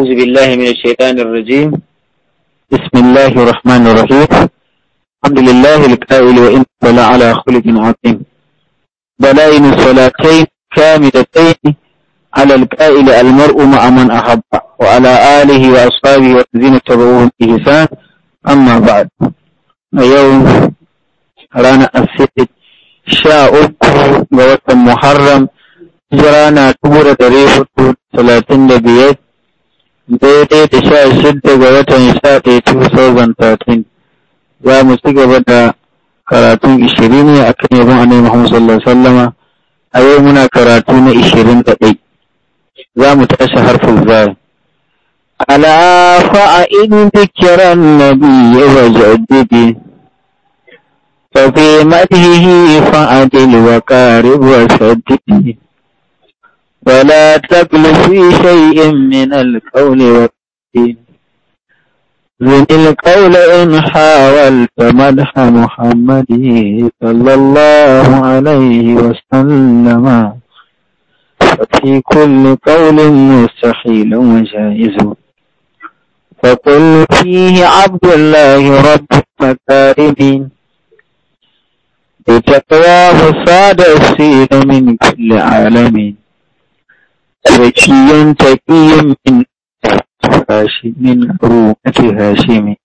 أعوذ بالله من الشيطان الرجيم بسم الله الرحمن الرحيم الحمد لله الكائل وإن بلا على خلق عظيم بلائن الصلاتين كاملتين على الكائل المرء مع من أحب وعلى آله وأصحابه وزين اتبعوهم بإحسان أما بعد اليوم رانا السيد شاء وقت محرم جرانا ريحة صلاة النبيات daidai da sha shidda ga watan sha ɗaya tu sauzan tatin za mu ci gaba da karatun ishirin ne a kan yabon annabi muhammad sallallahu alaihi sallama a yau muna karatu na ishirin da ɗai za mu tashi harfin zai ala fa'a in na biyu ya waje addidi fa fi madhihi fa'adil wa qarib wa saddidi ولا تقل في شيء من القول والدين ذن القول إن حاولت مدح محمد صلى الله عليه وسلم ففي كل قول مستحيل وجائز فقل فيه عبد الله رب المكارمين بتقواه صاد السير من كل عالمين Yaci yan taƙi yin min hashi min ru ake hashi min.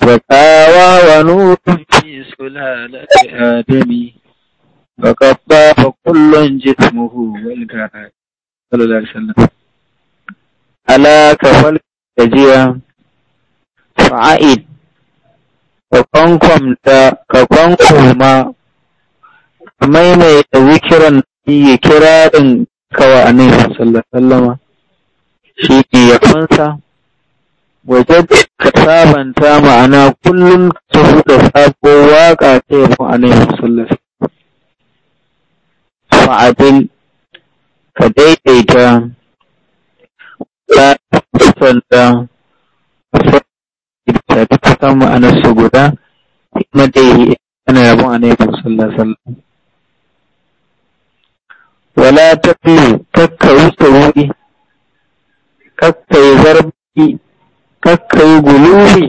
Fakawa wa nufin fi sulala ta Adami. Fakabba fa kullon jit muhu wal gara. Sallallahu alaihi wasallam. Ala kafal gajiya. Fa'aid. Ka kwankwama. Maimaita zikiran yi kirarin kawai annabi sallallahu sallama shi ya kwanta wajen ka sabanta ma'ana kullum ta huda sabo waka ta yabon annabi sallallahu alaihi fa'adin ka daidaita ba sanda ta ta ma'anar su guda kuma dai ana yabon annabi sallallahu alaihi wala taqlu kakka wuce ruɗi kakka yi zarbi kakka yi guluwi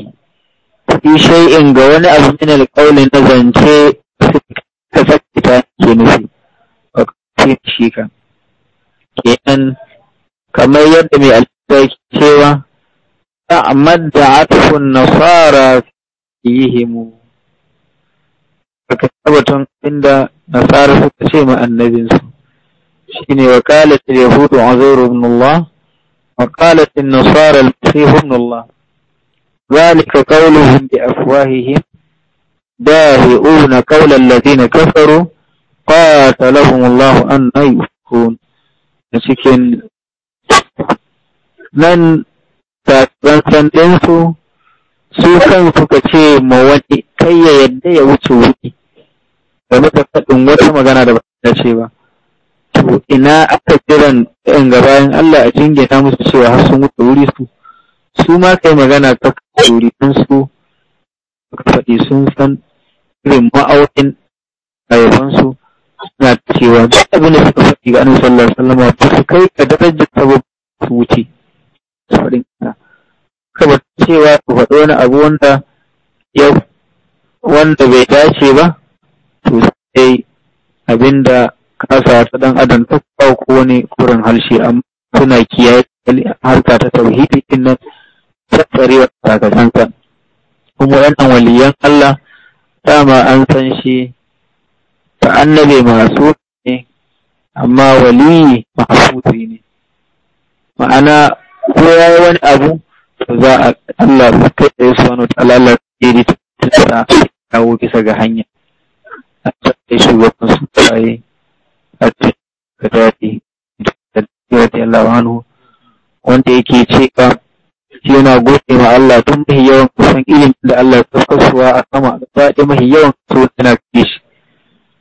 fi ga wani abu min alqawli na zance ka sakita ke nufi wakati shi kan kenan kamar yadda mai alƙawari cewa ta'amad da atfun nasara yihimu aka tabbatun inda nasara suka ce ma annabinsu shine wa qalat al-yahud uzair ibn Allah wa qalat nasara al-masih ibn Allah ذلك قولهم بأفواههم داهئون قول الذين كفروا قاتلهم الله أن يفكون cikin nan tsantsan ɗinsu su kan suka ce ma wani kai ya yadda ya wuce wuri game da faɗin wata magana da ba ta ce ba to ina aka kiran in gaba bayan Allah a jingina musu cewa har sun mutu wuri su su ma kai magana ta kuri sun su ka faɗi sun san irin ma'aunin su suna cewa duk abin da suka faɗi ga annabi sallallahu alaihi wasallam ba su kai ka darajar ba su wuce su faɗin ka kaba cewa ku faɗi wani abu wanda ya wanda bai dace ba to sai abinda kasa ta dan adam ta ko wani kurin harshe amma suna kiyaye harka ta tauhidi din nan wa sakasanka kuma wannan waliyan Allah dama an san shi ta annabi masu ne amma waliyi mahfuzi ne ma'ana ko ya yi wani abu to za a Allah su kai da yasu wani talalar iri ta kawo bisa ga hanya a cikin shugaban anhu wanda yake cewa yana gode ma Allah tun mahi yawan kusan ilimin da Allah ya kaskasuwa a sama da da mahi yawan so tana fiye shi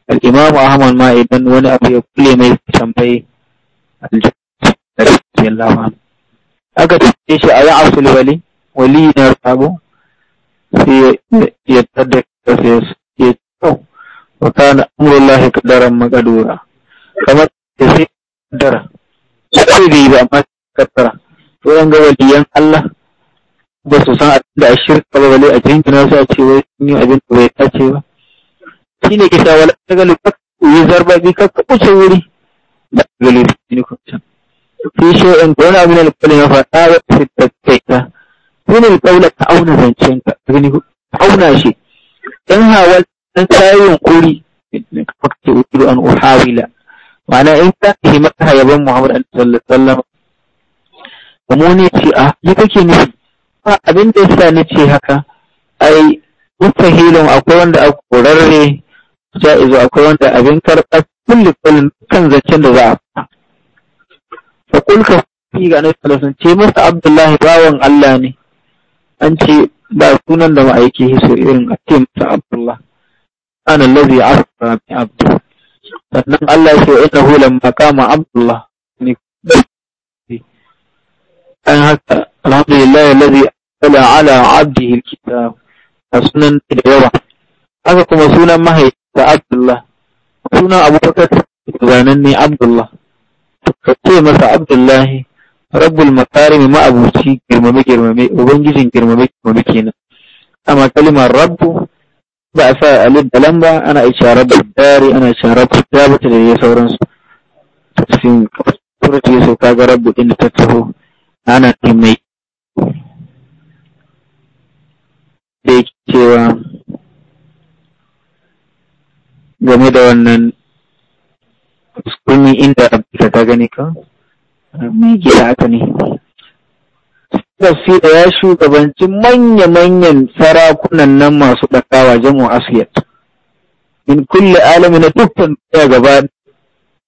al'imamu Ahmad ma idan wani abu ya kule mai tambayi aljanna aka tambaye shi a yi asul wali wali na sabo sai ya tada kasa ya ce kyau oh, wa kana amurullahi kadaran makadura kamar da sai kadara kwakwai da yi ba amma kattara to yan ga waliyan Allah ba su san abin da a shirka ba bale a jingina su a ce wai sun yi abin da bai dace ba shi ne kisa wala ta galu ka yi zarba bi ka kuce wuri da galu ne ku can fi shi wa'in da wani abin alƙalin ya faɗa wa shi ne ka auna zancen ka gani auna shi in hawa an kayan kuri ka wuri an uhawila ma'ana in za ka yi maka yaban Muhammad sallallahu alaihi wasallam kuma ne ce a ah, me kake nufi ba abin da yasa ni ce haka ai mustahilun akwai wanda a korarre ja'izu akwai wanda abin karɓa kulli kullin kan zancen da za a fa kul ka fi ga annabi sallallahu alaihi ce masa Abdullahi bawan Allah ne an ce ba sunan da ma'aiki so irin a ce masa Abdullah ana lazi asra bi abdu sannan Allah ya ce innahu lamma qama abdullah ni an haka alhamdulillah alladhi ala ala abdihi alkitab sunan da yawa haka kuma sunan mahaifa abdullah sunan abubakar zanen ne abdullah ka ce masa abdullahi rabbul makarim ma abuci girmame girmame ubangijin girmame girmame kenan amma kalimar rabbu ba a sa alif da lamba ana ishara da dari ana ishara da bata da sauransu cikin suratu ya ka ga rabu din ta taho ana mai da cewa game da wannan kuskuni inda abu ta gani ka mai gida haka ne tafsira ya shugabanci manya-manyan sarakunan nan masu ɗakawa jamu asiyat In kulle alami na dukkan duniya gaba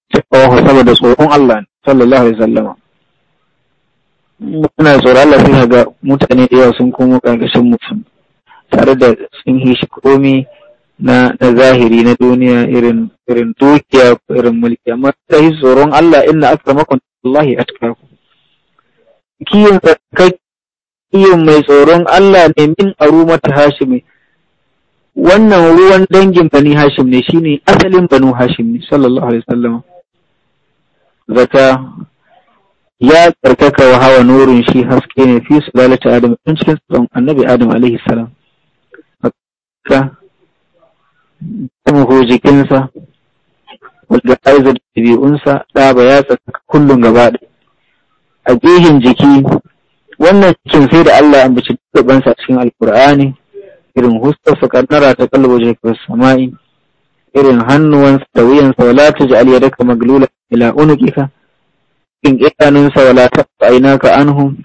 cikawa saboda tsoron Allah sallallahu alaihi sallama. muna tsoron Allah sai ga mutane da yawa sun komo ƙarƙashin mutum tare da sun hishi komi na zahiri na duniya irin irin dukiya irin mulki amma sai tsoron Allah inna akramakum Allah ya atkaku kiyin tsakakken iyon mai tsoron Allah ne min arumata hashimi wannan ruwan dangin bani hashim ne shine asalin banu hashim ne sallallahu alaihi wasallam zaka ya tsarkaka wa hawa nurin shi haske ne fi su lalata adam tun cikin tsoron annabi adam alaihi salam Haka, ko jikinsa wadda aizar ɗabi'unsa ɗaba ya tsarkaka kullum gaba a jihin jiki wannan cin sai da Allah an bace gaban sa cikin alkur'ani irin hustafa kadara ta kalbo je ka sama'i irin hannuwansa da wuyansa wala taj'al yadaka maglula ila unuqika in idanunsa wala taqta aynaka anhum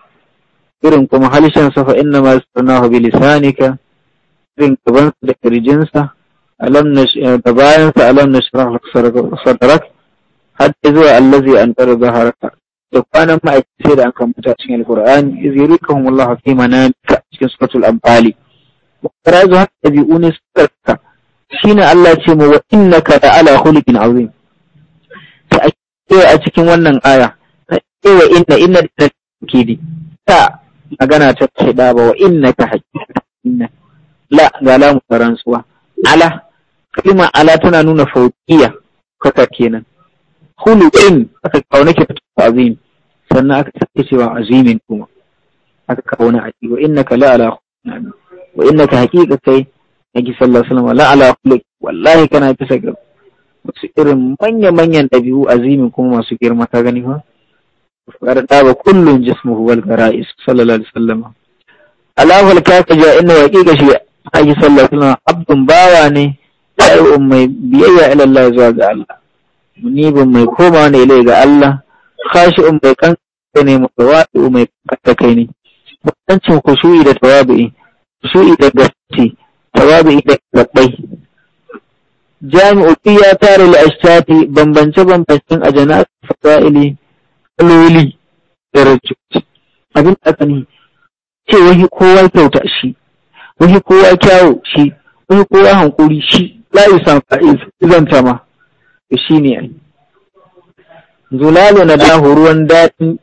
irin kuma halishansa fa inna ma sunahu bi lisanika irin gabansa da kirjinsa alam nash da bayansa alam nashrah sadrak hadda zuwa allazi an tarba haraka da kwanan ma'aikaci da aka mutu cikin alkur'ani iz yurikahum Allah fi manamika cikin suratul anfali karazu haka dabi'u ne suka shine Allah ce mu wa innaka da ala hulikin azim ta ake a cikin wannan aya ta wa inna inna da ke di ta magana ta ce da ba wa innaka hakika inna la ga lamu rantsuwa ala kalma ala tana nuna fauqiya kaka kenan hulukin aka kauna ke azim sannan aka sake cewa azimin kuma aka kawo na aji wa inna ka la'ala khuluqin wa ka haƙiƙa kai na sallallahu alaihi wasallam la'ala ala wallahi kana bisa ga wasu irin manya-manyan ɗabi'u azimin kuma masu girma ka gani ba fara ɗaba kullum jismuhu wal gara'is sallallahu alaihi wasallam alahul kaka ja inna haƙiƙa shi aji sallallahu alaihi wasallam abdun bawa ne da'i'un mai biyayya ila Allah zuwa ga Allah munibin mai koma ne ilai ga Allah khashi'un bai kan ne mutawadi'u mai kanta kai ne ku kusuri da tawabi'i kusuri da gaske tawabi'i da gabbai jami'u ya tare li ashtati bambance bambancin ajana fadaili kaloli da rajuci abin da aka ne ce wahi kowa kyauta shi wahi kowa kyawo shi wahi kowa hankuri shi la yusan fa'iz izanta ma ne a yi. zulalu na dahu ruwan daɗi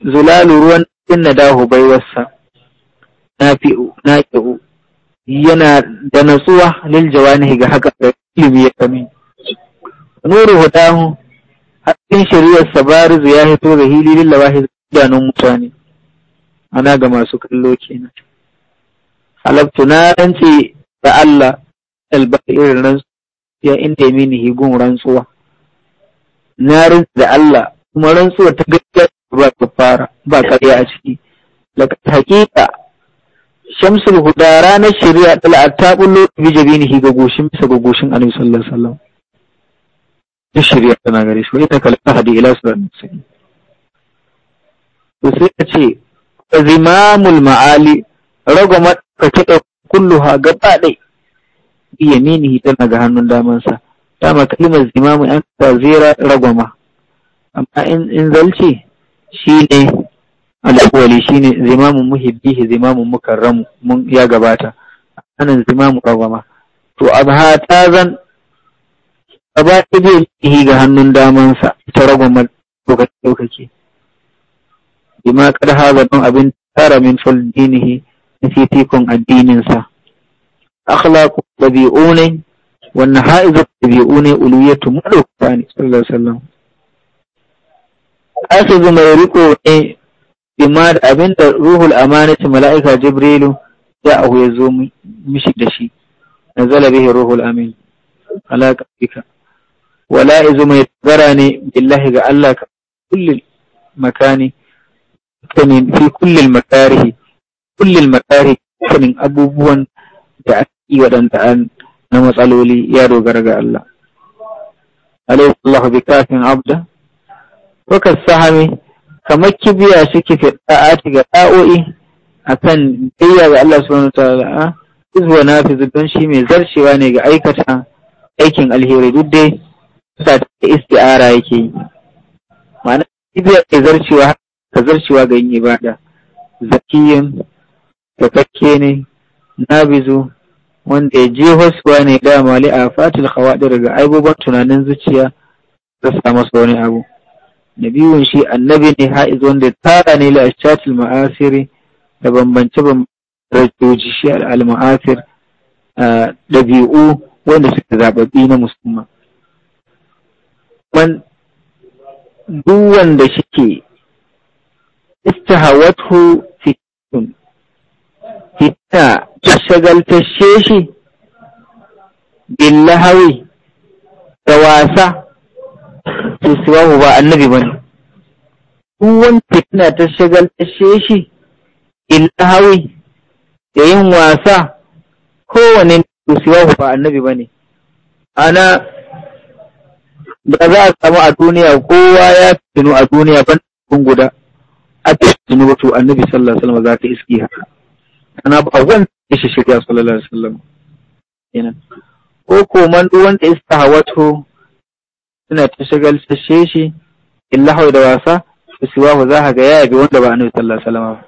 zulalu ruwan daɗin na dahu baiwarsa na fi'u na ƙi'u yana da natsuwa lil jawani ga haka da ilimi ya kame nuru hudahu hakkin shari'ar zuwa ya hito da hili lil lawahi idanun mutane ana ga masu kallo kenan halabtu na rance da Allah albairin rantsuwa ya inda mini higun rantsuwa na rantsa da Allah kuma rantsuwa ta gaskiya ba ka fara ba karya a ciki laka hakika shamsul huda ranar shari'a tala ta bullo bi ni ga goshin bisa ga goshin annabi sallallahu alaihi wasallam duk shari'a tana gare shi wani ta kalata hadi ila ranar sani. to sai ka ce zimamul ma'ali ragama ka kiɗa ha gaba ɗai yaminihi tana ga hannun damansa dama kalimar imamu an ta zai ragwama amma in zalce shi ne alƙawali shi ne zimamun muhibbihi zimamun mukarramu mun ya gabata anan zimamu ragwama to abha ta zan gaba ɗaya zai ga hannun damansa ta ragwama lokaci lokaci bima kad haza don abin tara min fal dinihi na fifikon addininsa akhlaqu dabi'unai wannan ha'izu ɗabi'u ne uluyatu maɗaukaka ne sallallahu alaihi wasallam asibu mai riko ne bima da abin da ruhul amanati mala'ika jibrilu ya ahu ya zo mishi da shi na zala zalabihi ruhul amin ala kafika wala izu mai tsara ne billahi ga Allah ka kullil makani kanin fi kullil makarihi kullil makarihi kanin abubuwan da ake waɗanda an na matsaloli ya dogara ga Allah. Alaihi Allah bi kafin abda, ka sahami, kamar kibiya suke fi ɗa'ati ga ɗa'o'i a kan biya ga Allah subhanahu wa ta'ala, izuwa na fi don shi mai zarcewa ne ga aikata aikin alheri duk dai sa ta isti'ara yake yi. Ma'ana kibiya ke zarcewa ka zarcewa ga yin ibada, zakiyin, takakke ne, Na nabizu, wanda ya je hosuwa ne ga mali a fatil khawaɗi ga abubuwan tunanin zuciya rasa samu wani abu Na biyun shi annabi ne ha'iz wanda ya tara ne la ashatil ma'asiri da bambance bambance shi al-ma'asir ɗabi'u wanda suka zababbi na musamman man duk wanda shike istahawatu shagaltashe shi billahawi da wasa to siwahu ba annabi bane duk wani ta shagaltashe shi billahawi da yin wasa kowane to siwahu ba annabi bane ana da za a samu a duniya kowa ya fitinu a duniya ban guda a fitinu wato annabi sallallahu alaihi wasallam za ta iske haka ana ba wani ishi shirya sallallahu alaihi wasallam kenan ko ko man duk wanda istahawatu suna ta shagaltashe shi hawa da wasa su siwahu za ga ya bi wanda ba annabi sallallahu alaihi wasallam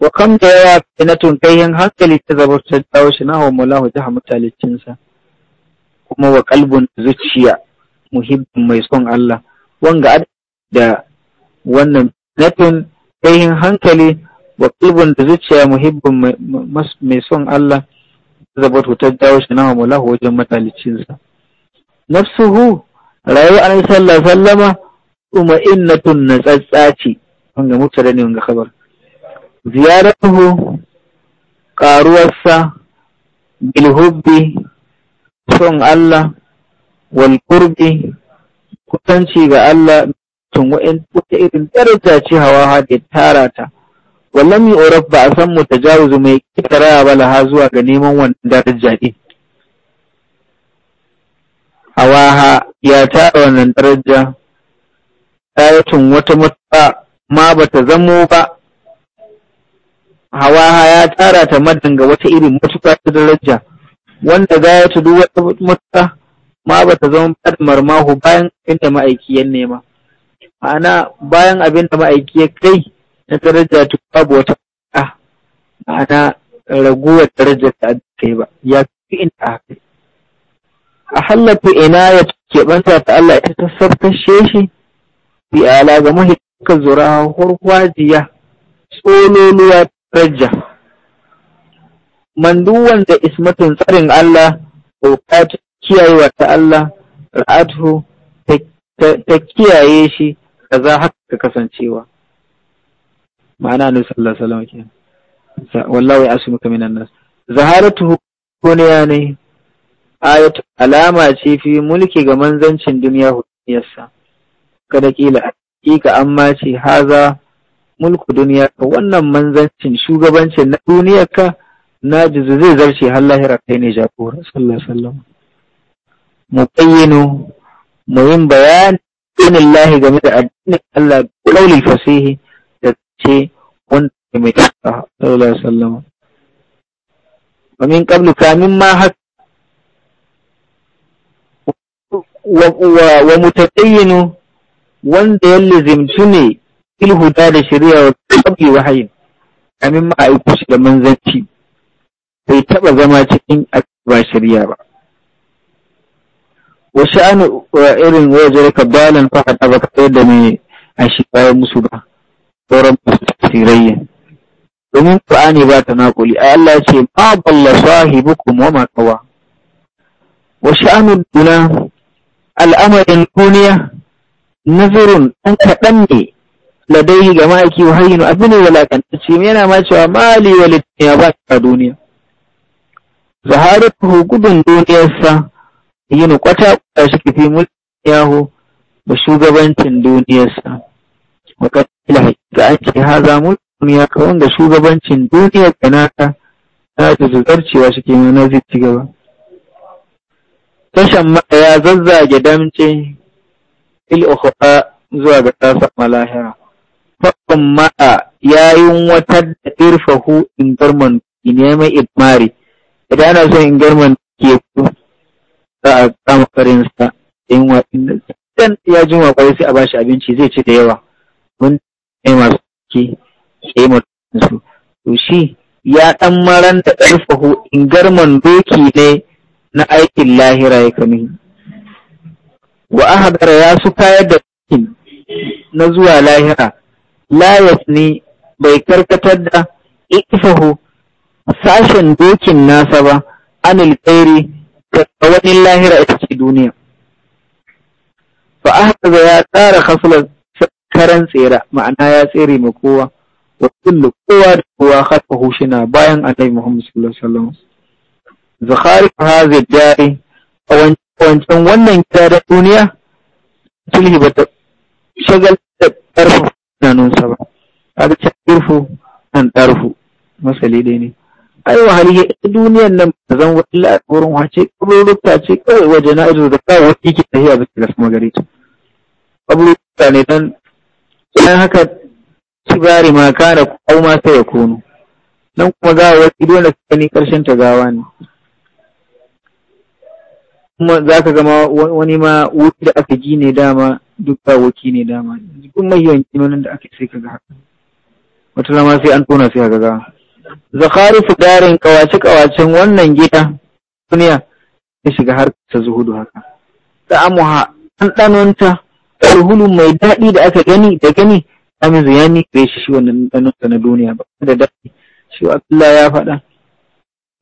wa kam da yawa fitnatun kaihin hankali ta zaba ta dawo shi na hawa mulahu jaha sa kuma wa kalbun zuciya muhibbin mai son Allah wanga da wannan fitnatun kaihin hankali wa da zuciya muhibbin mai son Allah zabat ta dawo shi na maulahu wajen matalicinsa nafsuhu rayuwa alaihi Sallah, sallama kuma innatun na tsatsaci wanga mutare ne wanga kabar karuwarsa bilhubbi son Allah wal qurbi kusanci ga Allah tun wa'in irin daraja ce hawa ha da tara ta Wallan mi oraf ba a san mu tajawuzu mai kitara ba laha zuwa ga neman wannan daraja hawaha ya ta wannan daraja tun wata mutuwa ma ba ta zamo ba hawaha ya tara ta madan ga wata irin mutuwa ta daraja wanda za ya tudu wata mutuwa ma ba ta zama ba da marmahu bayan inda ma'aiki ya nema ma'ana bayan abin da ma'aiki ya kai na daraja ta babu wata a ma'ana raguwar darajar da aka ba ya fi inda haka a hallaka ina ya keɓanta ta Allah ita ta sarkashe shi bi ala ga mahaifinka zura horwajiya tsololuwa daraja manduwan da ismatin tsarin Allah kokata kiyayewa ta Allah ra'atu ta kiyaye shi kaza haka kasancewa ma'ana ne sallallahu alaihi wasallam kenan ya minan nas zaharatu hukuniya ne ayat alama ce fi mulki ga manzancin duniya hukiyarsa kada kila hakika amma ce haza mulku duniya ka wannan manzancin shugabancin na duniyar ka na jizu zai zarce har lahira kai ne jagora sallallahu alaihi wasallam mubayyinu muhim bayani dinillahi game da addinin Allah qawli fasihi ce wanda mai tsaka sallallahu alaihi wasallam wa min qablu kamin ma haka wa mutaqayyinu wanda ya lazimtu ne ilhuda da shari'a wa qabli wahayin kamin ma aiko shi da manzanci bai taba zama cikin ba shari'a ba wa sha'anu irin wajen kabalan fa hada baka da mai a shi musu ba sauran tafsirai domin Qur'ani ba ta naƙuli ai Allah ya ce ma balla sahibukum wa ma qawa wa sha'anu duna al'amarin duniya nazarun ɗan kaɗan ne ladai ga ma'aiki wa hayyinu abu ne walakantacce yana ma cewa mali wa ya ba ta duniya gudun duniyarsa yin kwata kwata shi fi mulkin yahu da shugabancin duniyarsa makasila da ake haza mutum ya kawon da shugabancin duniya da naka na ta zarcewa shi ke nuna zai ci gaba. Tashan mata ya zazzage damce il zuwa ga tasa malahira. Fakon mata ya yi watar da irfahu in garman in nemi idmari. Idan ana son in garman ke ku za a kama karinsa in wa ya ji wa sai a bashi abinci zai ci da yawa. mun ne masu ke ƙema su to shi ya ɗan maranta ƙarfaho in garman doki ne na aikin lahira ya kame wa ahadara ya su kayar da aikin na zuwa lahira layas ne bai karkatar da ifaho sashen dokin nasa ba anil kairi ga wani lahira ita ce duniya fa ahadara ya tsara kasular karan tsera ma'ana ya tsere ma kowa wa kullu kowa da kowa khalfahu shina bayan annabi Muhammad sallallahu alaihi wasallam zakhari hazid jari a wancan wannan gida da duniya sulhi ba ta shagal da ƙarfin sa ba kaga can ƙirfu nan ɗarfu masali dai ne ai wahali ya duniyan nan ba zan wa illa a wurin wace kaburruka ce kawai waje na ido da kawai wani ke tafiya bisa ga sama gare ta kaburruka ne dan sai haka kibari ma kana ko ma sai ya kono nan kuma gawa dole su gani karshen ta gawa ne kuma za ka gama wani ma wuri da aka ji ne dama duk gawaki ne dama duk mai yawan kinonin da aka sai ka ga haka wata zama sai an tona sai ka ga zakari su darin kawace kawacen wannan gida duniya ya shiga har ta zuhudu haka ta amuha an ɗanonta alhulu mai daɗi da aka gani da gani amizu ya ni bai shi shi wannan ɗanunsa na duniya ba da daɗi shi Allah ya faɗa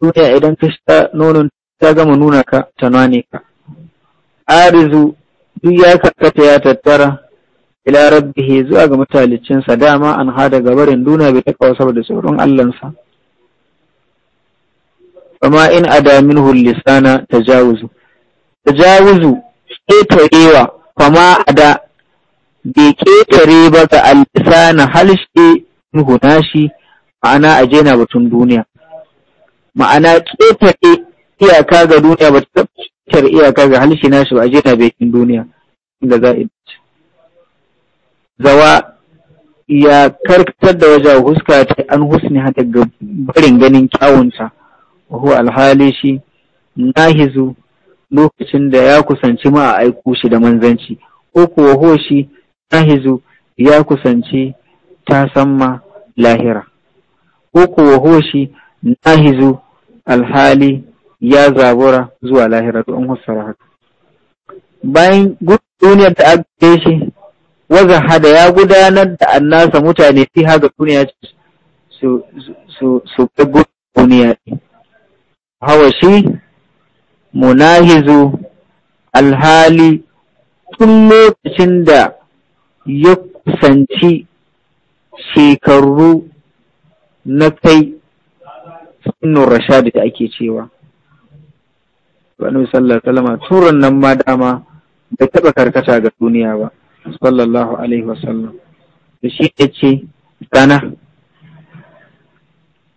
duniya idan ka nonon ta gama nuna ka ta nane ka arizu duk ya karkata ya tattara ila rabbihi zuwa ga mutalicinsa dama an hada gabarin duniya bai takawa saboda tsoron Allahnsa amma in ta jawuzu lisana tajawuzu tajawuzu ƙetarewa fama da bai ƙetare ba ga alisana halshe nuhu shi ma'ana a jena batun duniya ma'ana ƙetare iyaka ga duniya ba ta ƙetare iyaka ga na nashi ba a jena bakin duniya inda za a zawa ya karkatar da wajen huska ta an husni hata ga barin ganin kyawunta wahu alhali shi nahizu lokacin da ya kusanci ma a aiko shi da manzanci ko kuwa hoshi na Hizu ya kusanci ta samma lahira ko kuwa hoshi na Hizu alhali ya zabura zuwa lahira to an hussara haka bayan duniyar da aka shi waza hada ya gudanar da annasa mutane fi haga duniya su su su duniya hawa shi munahizu alhali tun lokacin da ya kusanci shekaru na kai sunan rashadu da ake cewa Banu sallar kalama turan nan ma dama bai taɓa karkata ga duniya ba sallallahu alaihi wasallam da shi ya ce gana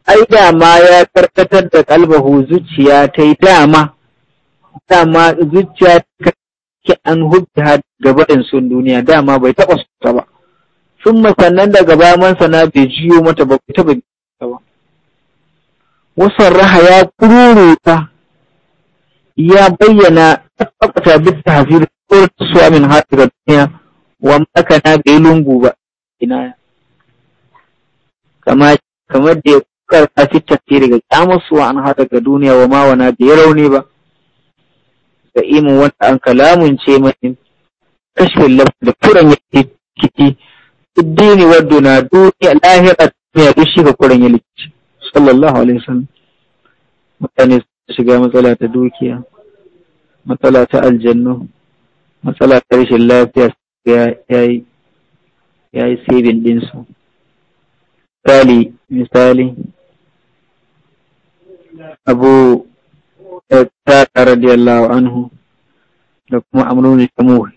ai dama ya karkatar da kalbahu zuciya ta yi dama dama zuciya ta ke an gaba gabarin sun duniya dama bai taɓa sunta ba sun masannan daga baya man sana bai jiyo mata ba bai ta ba wasan raha ya ta. ya bayyana tabbata duk ta hafi da suwa min hafi ga duniya wa maka na ga lungu ba kamar da ya karka fi daga ga wa an haɗa ga duniya wa ma wana bai rauni ba mustaqimin wanda an kalamun ce mai kashfin lafi da furan ya kiti iddini wadda na duniya lahira ne ya dushi ga furan ya likici sallallahu alaihi wasallam mutane su shiga matsala ta dukiya matsala ta aljannu matsala ta rashin lafiya ya yi sabin ɗinsu. Misali, misali, abu ta radiyallahu anhu da kuma amrun jamuhi.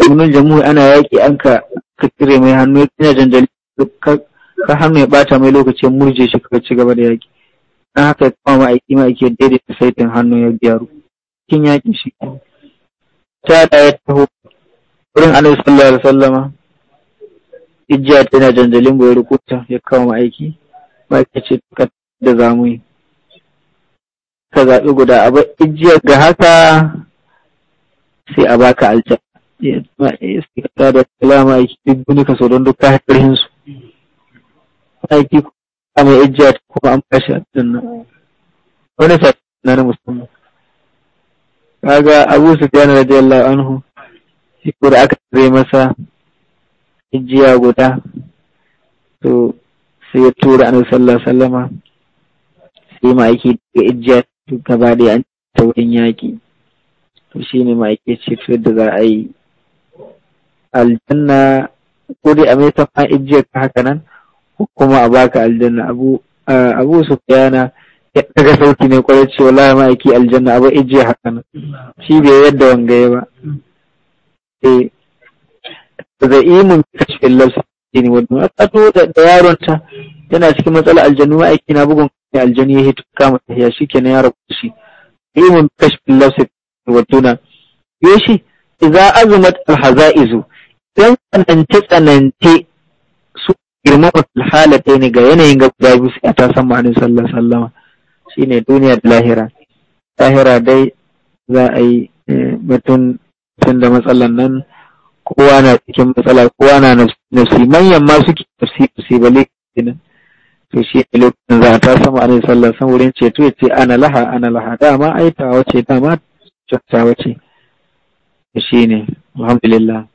Amrun jamuhu ana yaƙi an ka kakire mai hannu yana janjali ka hannu ya ɓata mai lokacin murje shi ka ci gaba da yaƙi. Na haka ya kama ma'aiki ma'aiki ya daidaita saitin hannu ya gyaru. Kin yaƙi shi. Ta da ya taho wurin Annabi sallallahu alaihi wasallama ijja tana janjalin bai rukuta ya kama ma'aiki ma'aikaci da zamuyi. ka zaɓi guda a ijiyar ga haka sai a baka aljan istikata da kalama yi duk wani kaso don duk ka haƙarhin su aiki a mai ijiya ta kuma an a cikin nan wani na na musamman kaga abu su tiyana radiyallahu anhu shi ko da aka zai masa ijiya guda to sai ya tura annabi sallallahu alaihi wasallama sai ma aiki da ijiya gaba ɗaya an ta wurin yaƙi to shi ne ma'aike ce to yadda za a yi aljanna ko dai a mai sama ijiyar ka haka nan ko kuma a baka aljanna abu abu su kayana ya daga sauti ne kwarai ce wallahi ma'aiki aljanna abu ijiyar haka nan shi bai yadda wangaye ba eh zai imun kashin lafsa ne wani ta da yaron ta yana cikin matsala aljanu ma'aiki na bugun kai aljanu ya hito kama ta, ya tahiya na ya rabu shi ilmun kashfin lafsi wa tuna yoshi idza azumat alhazaizu idan tsanance tsanante su girma alhalata ne ga yanayin ga guda biyu sai ta san ma'anin sallallahu sallama shine duniya da lahira lahira dai za a yi eh, batun tun da matsalan nan kowa na cikin matsala kowa na nafsi manyan ma suke nafsi nafsi bale kenan to shi ne lokacin za ta sama alaihi sallallahu alaihi wurin ceto ya ce ana laha ana laha dama ai ce dama tawa ce shi ne alhamdulillah